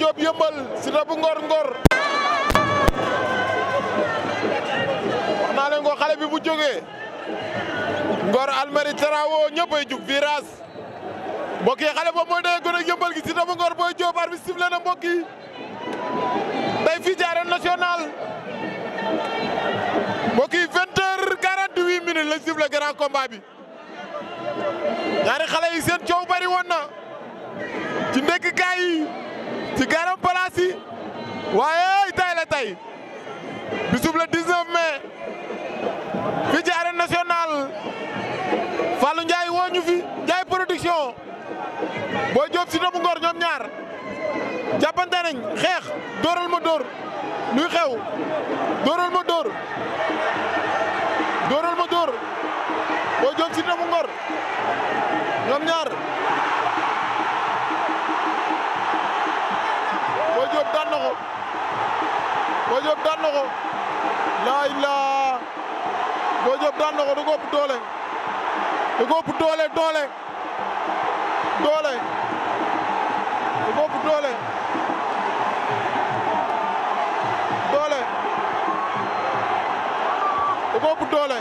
job yëmbal Siteu bu ngor ngor wax naa ko xale bi bu joge ngor almari tarawo ñëppay juk viras mbokki xale bo mo de gën a yëmbal gi Siteu bu ngor boy job arbi sifle na mbokki tay fi fii national mbokki 20h 48 vingt heures quarante minutes lañ sifflé grand combat bi ñaari xale yi seen ciow bari won na ci ndek gaay ci garam palaas yi waaye tay la tay bisub le 19 mai fii ci arène nationale Fallou Ndiaye woo ñu fi boo jóob si doomu ngor ñoom ñaar jàppante nañ xeex dóoral ma dóor luy xew dóoral ma dóor dóoral ma dóor boo jóob si doomu ngor Diop daan na ko Boy Diop daan na ko laa ilaa Boy Diop daan na ko da ko ëpp doole da ko ëpp doole doole doole da ko ëpp doole doole da ko ëpp doole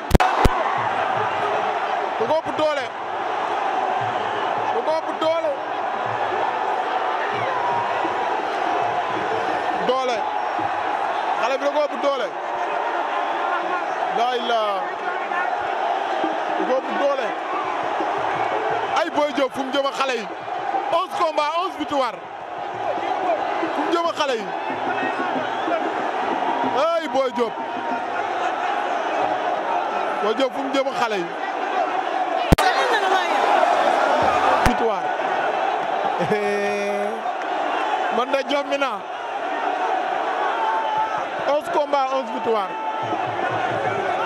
da ko ëpp doole bu doole laa ilaa bu doole ay Boy Diop fu mu a xale yi onze combats onze victoires fu mu a xale yi ay Boy Diop Boy Diop fu mu a xale yi victoire man de jommi naa 11 combats 11 victoires.